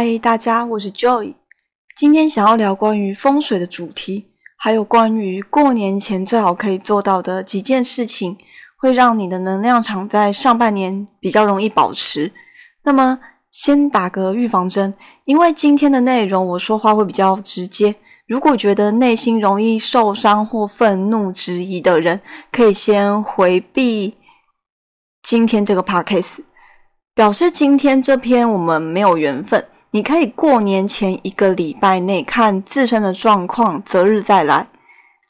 嗨，大家，我是 Joy，今天想要聊關於風水的主題，還有關於過年前最好可以做到的幾件事情，會讓你的能量場在上半年比較容易保持。那麼，先打個預防針，因為今天的內容我說話會比較直接，如果覺得內心容易受傷或憤怒、質疑的人，可以先回避今天這個 podcast，表示今天這篇我們沒有緣分。你可以過年前一個禮拜內看自身的狀況，擇日再來。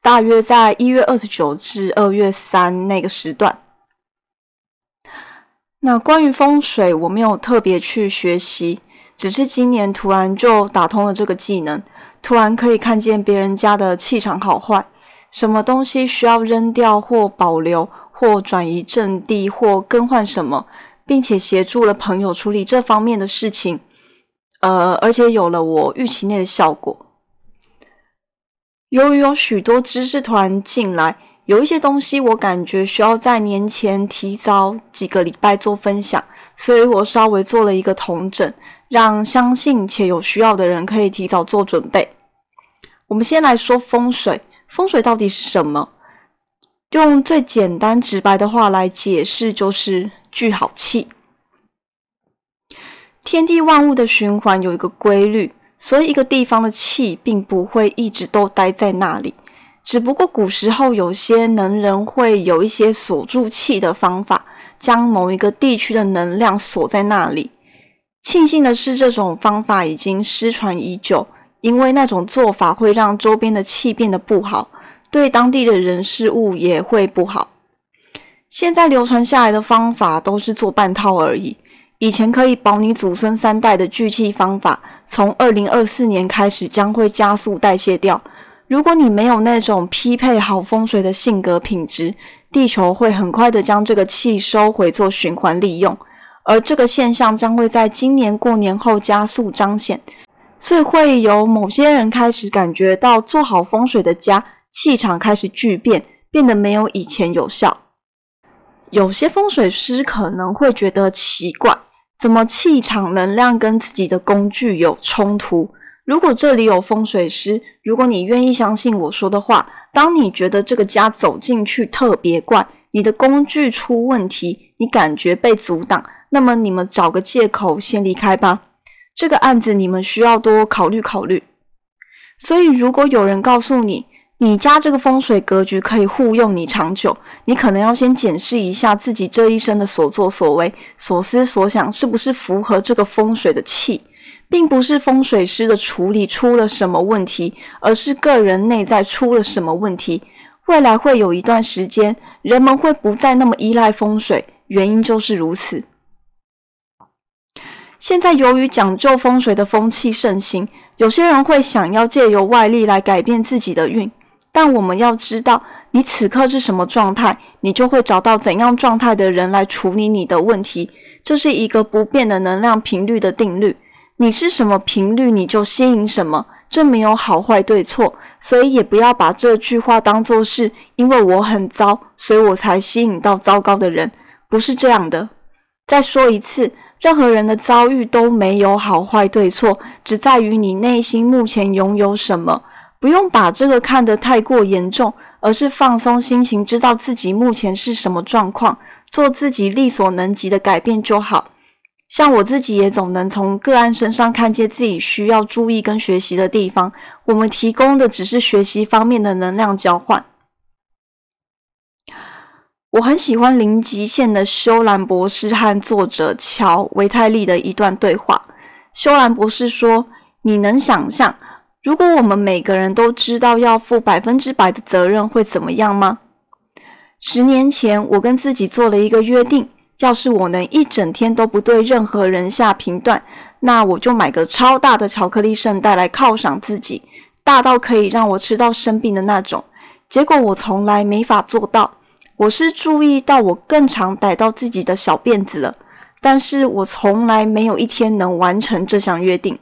大約在一月二十九至二月三那個時段。那關於風水，我沒有特別去學習，只是今年突然就打通了這個技能，突然可以看見別人家的氣場好壞，什麼東西需要扔掉或保留，或轉移陣地，或更換什麼，並且協助了朋友處理這方面的事情。呃，而且有了我預期內的效果。由於有許多知識團進來，有一些東西我感覺需要在年前提早幾個禮拜做分享，所以我稍微做了一個統整，讓相信且有需要的人可以提早做準備。我們先來說風水，風水到底是什麼？用最簡單直白的話來解釋，就是聚好氣。天地萬物的循環有一個規律，所以一個地方的氣並不會一直都待在那裡。只不過古時候有些能人會有一些鎖住氣的方法，將某一個地區的能量鎖在那裡。慶幸的是，這種方法已經失傳已久，因為那種做法會讓周邊的氣變得不好，對當地的人事物也會不好。現在流傳下來的方法都是做半套而已。以前可以保你祖孫三代的聚氣方法，從二零二四年開始將會加速代謝掉。如果你沒有那種匹配好風水的性格品質，地球會很快的將這個氣收回做循環利用，而這個現象將會在今年過年後加速彰顯，所以會有某些人開始感覺到做好風水的家，氣場開始巨變，變得沒有以前有效。有些風水師可能會覺得奇怪。怎麼氣場能量跟自己的工具有衝突？如果這裡有風水師，如果你願意相信我說的話，當你覺得這個家走進去特別怪，你的工具出問題，你感覺被阻擋，那麼你們找個借口先離開吧。這個案子你們需要多考慮考慮。所以如果有人告訴你，你家這個風水格局可以護佑你長久，你可能要先檢視一下自己這一生的所作所為、所思所想是不是符合這個風水的氣，並不是風水師的處理出了什麼問題，而是個人內在出了什麼問題。未來會有一段時間，人們會不再那麼依賴風水，原因就是如此。現在由於講究風水的風氣盛行，有些人會想要借由外力來改變自己的運。但我們要知道你此刻是什麼狀態，你就會找到怎樣狀態的人來處理你的問題。這是一個不變的能量頻率的定律。你是什麼頻率，你就吸引什麼，這沒有好壞對錯。所以也不要把這句話當做是，因為我很糟，所以我才吸引到糟糕的人，不是這樣的。再說一次，任何人的遭遇都沒有好壞對錯，只在於你內心目前擁有什麼。不用把這個看得太過嚴重，而是放鬆心情，知道自己目前是什麼狀況，做自己力所能及的改變就好。像我自己也總能從個案身上看見自己需要注意跟學習的地方。我們提供的只是學習方面的能量交換。我很喜歡零極限的修蘭博士和作者喬維泰利的一段對話。修蘭博士說：“你能想象？”如果我們每個人都知道要負百分之百的責任會怎麼樣嗎？十年前，我跟自己做了一個約定，要是我能一整天都不對任何人下評斷，那我就買個超大的巧克力聖代來犒賞自己，大到可以讓我吃到生病的那種。結果我從來沒法做到，我是注意到我更常逮到自己的小辮子了，但是我從來沒有一天能完成這項約定。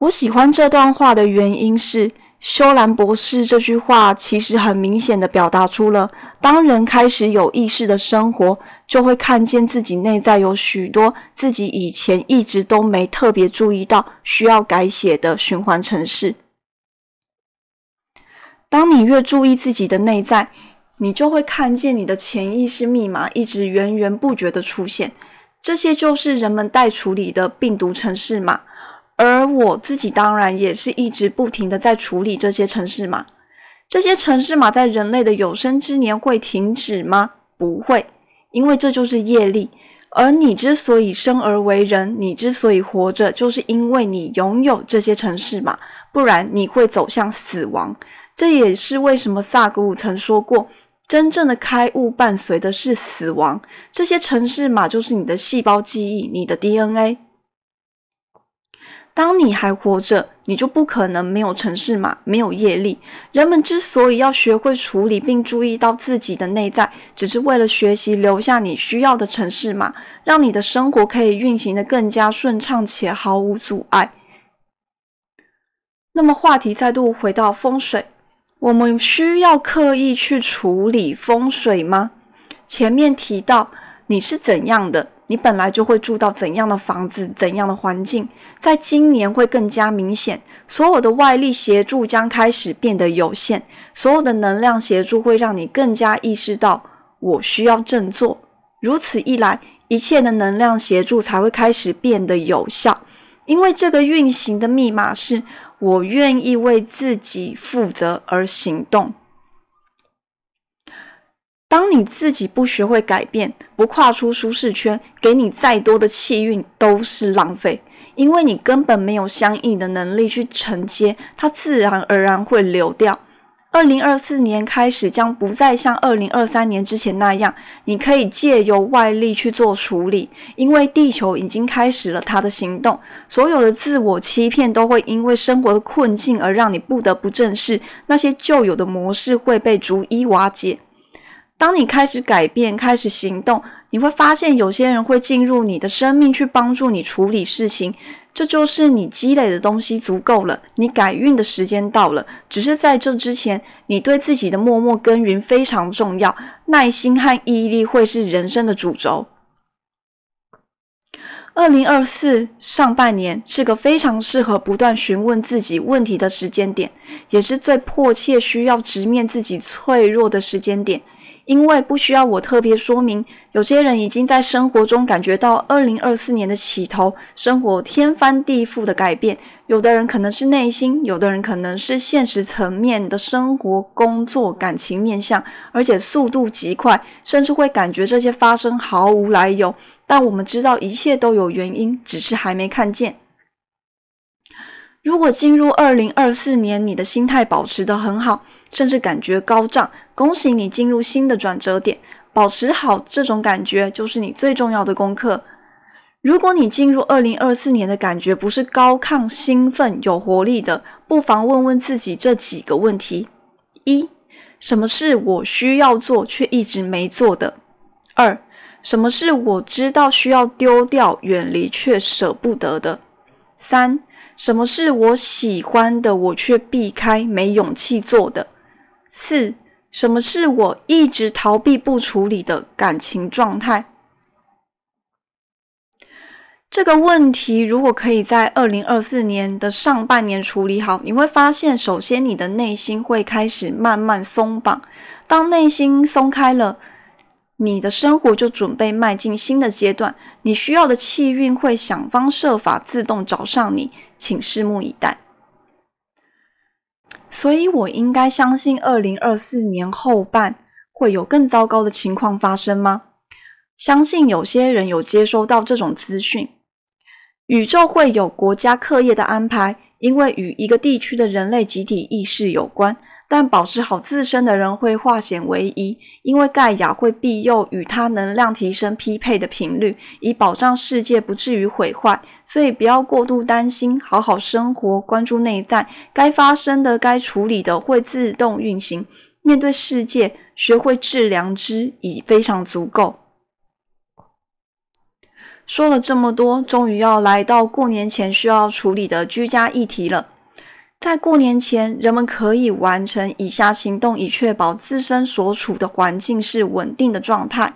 我喜歡這段話的原因是，修藍博士這句話其實很明顯的表達出了，當人開始有意識的生活，就會看見自己內在有許多自己以前一直都沒特別注意到需要改寫的循環程式。當你越注意自己的內在，你就會看見你的潛意識密碼一直源源不絕的出現，這些就是人們待處理的病毒程式嘛。而我自己當然也是一直不停的在處理這些程式碼。這些程式碼在人類的有生之年會停止嗎？不會，因為這就是業力。而你之所以生而為人，你之所以活着，就是因為你擁有這些程式碼，不然你會走向死亡。這也是為什麼薩古魯曾說過，真正的開悟伴隨的是死亡。這些程式碼就是你的細胞記憶，你的 DNA。當你還活着，你就不可能沒有城市碼，沒有業力。人們之所以要學會處理並注意到自己的內在，只是為了學習留下你需要的城市碼，讓你的生活可以運行得更加順暢且毫無阻礙。那麼，話題再度回到風水，我們需要刻意去處理風水嗎？前面提到你是怎樣的？你本來就會住到怎樣的房子，怎樣的環境，在今年會更加明顯。所有的外力協助將開始變得有限，所有的能量協助會讓你更加意識到我需要振作。如此一來，一切的能量協助才會開始變得有效，因為這個運行的密碼是我願意為自己負責而行動。當你自己不學會改變，不跨出舒適圈，給你再多的氣運都是浪費，因為你根本沒有相應的能力去承接，它自然而然會流掉。二零二四年開始將不再像二零二三年之前那樣，你可以借由外力去做處理，因為地球已經開始了它的行動，所有的自我欺騙都會因為生活的困境而讓你不得不正視，那些舊有的模式會被逐一瓦解。當你開始改變、開始行動，你會發現有些人會進入你的生命去幫助你處理事情。這就是你積累的東西足夠了，你改運的時間到了。只是在這之前，你對自己的默默耕耘非常重要，耐心和毅力會是人生的主軸。2024上半年是個非常適合不斷詢問自己問題的時間點，也是最迫切需要直面自己脆弱的時間點。因為不需要我特別說明，有些人已經在生活中感覺到二零二四年的起頭，生活天翻地覆的改變。有的人可能是內心，有的人可能是現實層面的生活、工作、感情面向，而且速度極快，甚至會感覺這些發生毫無來由。但我們知道一切都有原因，只是還沒看見。如果進入二零二四年，你的心態保持得很好。甚至感覺高漲，恭喜你進入新的轉折點，保持好這種感覺就是你最重要的功課。如果你進入二零二四年的感覺不是高亢、興奮、有活力的，不妨問問自己這幾個問題：一、什麼是我需要做卻一直沒做的？二、什麼是我知道需要丟掉、遠離卻舍不得的？三、什麼是我喜歡的我卻避開、沒勇氣做的？四，什麼是我一直逃避不處理的感情狀態？這個問題如果可以在二零二四年的上半年處理好，你會發現，首先你的內心會開始慢慢鬆綁。當內心鬆開了，你的生活就準備邁進新的階段，你需要的氣運會想方設法自動找上你，請拭目以待。所以我應該相信二零二四年後半會有更糟糕的情況發生嗎？相信有些人有接收到這種資訊。宇宙會有國家課業的安排，因為與一個地區的人類集體意識有關。但保持好自身的人會化險為夷，因為蓋亞會庇佑與他能量提升匹配的頻率，以保障世界不至於毀壞。所以不要過度擔心，好好生活，關注內在，該發生的、該處理的會自動運行。面對世界，學會致良知已非常足夠。說了這麼多，終於要來到過年前需要處理的居家議題了。在過年前，人們可以完成以下行動，以確保自身所處的環境是穩定的狀態：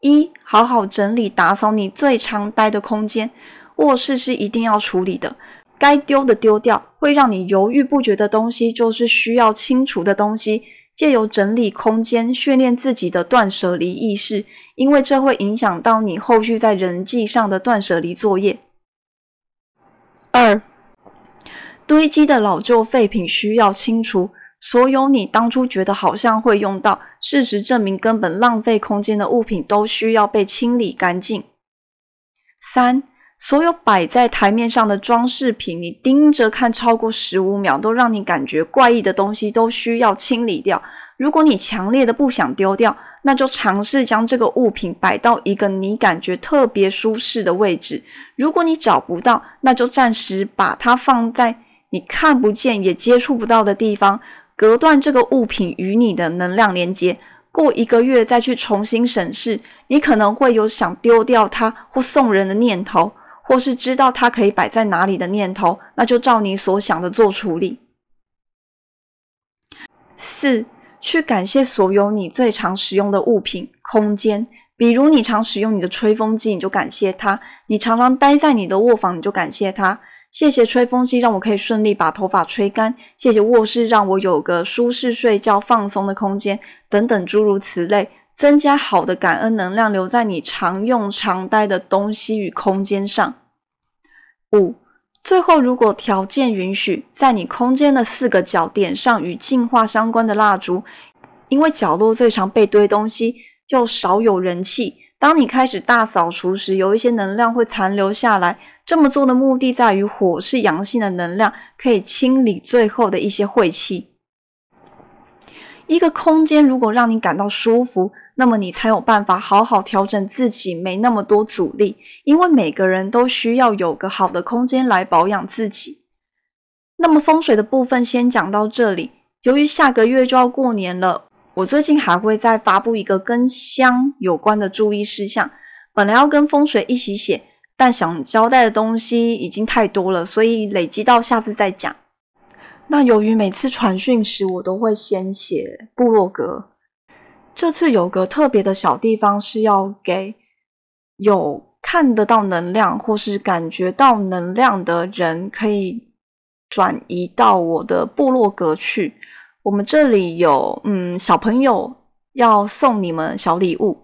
一、好好整理打掃你最常待的空間，臥室是一定要處理的，該丟的丟掉，會讓你猶豫不決的東西就是需要清除的東西。借由整理空間，訓練自己的斷舍離意識，因為這會影響到你後續在人際上的斷舍離作業。二。堆積的老舊廢品需要清除，所有你當初覺得好像會用到，事實證明根本浪費空間的物品都需要被清理乾淨。三，所有擺在台面上的裝飾品，你盯着看超過十五秒都讓你感覺怪異的東西都需要清理掉。如果你強烈的不想丟掉，那就嘗試將這個物品擺到一個你感覺特別舒適的位置。如果你找不到，那就暫時把它放在。你看不見也接觸不到的地方，隔斷這個物品與你的能量連接。過一個月再去重新審視，你可能會有想丟掉它或送人的念頭，或是知道它可以擺在哪裡的念頭。那就照你所想的做處理。四，去感謝所有你最常使用的物品、空間，比如你常使用你的吹風機，你就感謝它；你常常待在你的臥房，你就感謝它。謝謝吹風機，讓我可以順利把頭髮吹乾。謝謝臥室，讓我有個舒適睡覺、放鬆的空間。等等，諸如此類，增加好的感恩能量，留在你常用、常待的東西與空間上。五，最後，如果條件允許，在你空間的四個角點上與淨化相關的蠟燭，因為角落最常被堆東西，又少有人氣。當你開始大掃除時，有一些能量會殘留下來。這麼做的目的在於，火是陽性的能量，可以清理最後的一些晦氣。一個空間如果讓你感到舒服，那麼你才有辦法好好調整自己，沒那麼多阻力。因為每個人都需要有個好的空間來保養自己。那麼風水的部分先講到這裡，由於下個月就要過年了。我最近還會再發布一個跟香有關的注意事項。本來要跟風水一起寫，但想交代的東西已經太多了，所以累積到下次再講。那由於每次傳訊時，我都會先寫部落格。這次有個特別的小地方是要給有看得到能量或是感覺到能量的人，可以轉移到我的部落格去。我們這裡有，嗯，小朋友要送你們小禮物，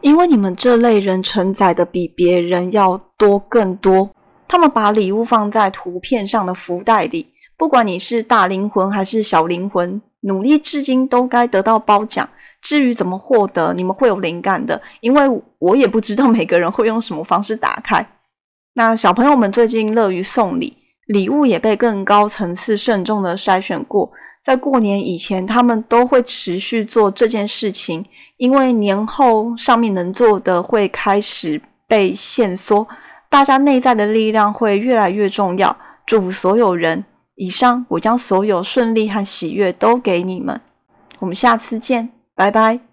因為你們這類人承載的比別人要多更多。他們把禮物放在圖片上的福袋裡，不管你是大靈魂還是小靈魂，努力至今都該得到褒獎。至於怎麼獲得，你們會有靈感的，因為我也不知道每個人會用什麼方式打開。那小朋友們最近樂於送禮。禮物也被更高層次慎重的篩選過，在過年以前，他們都會持續做這件事情，因為年後上面能做的會開始被限縮，大家內在的力量會越來越重要。祝福所有人。以上我將所有順利和喜悅都給你們，我們下次見，拜拜。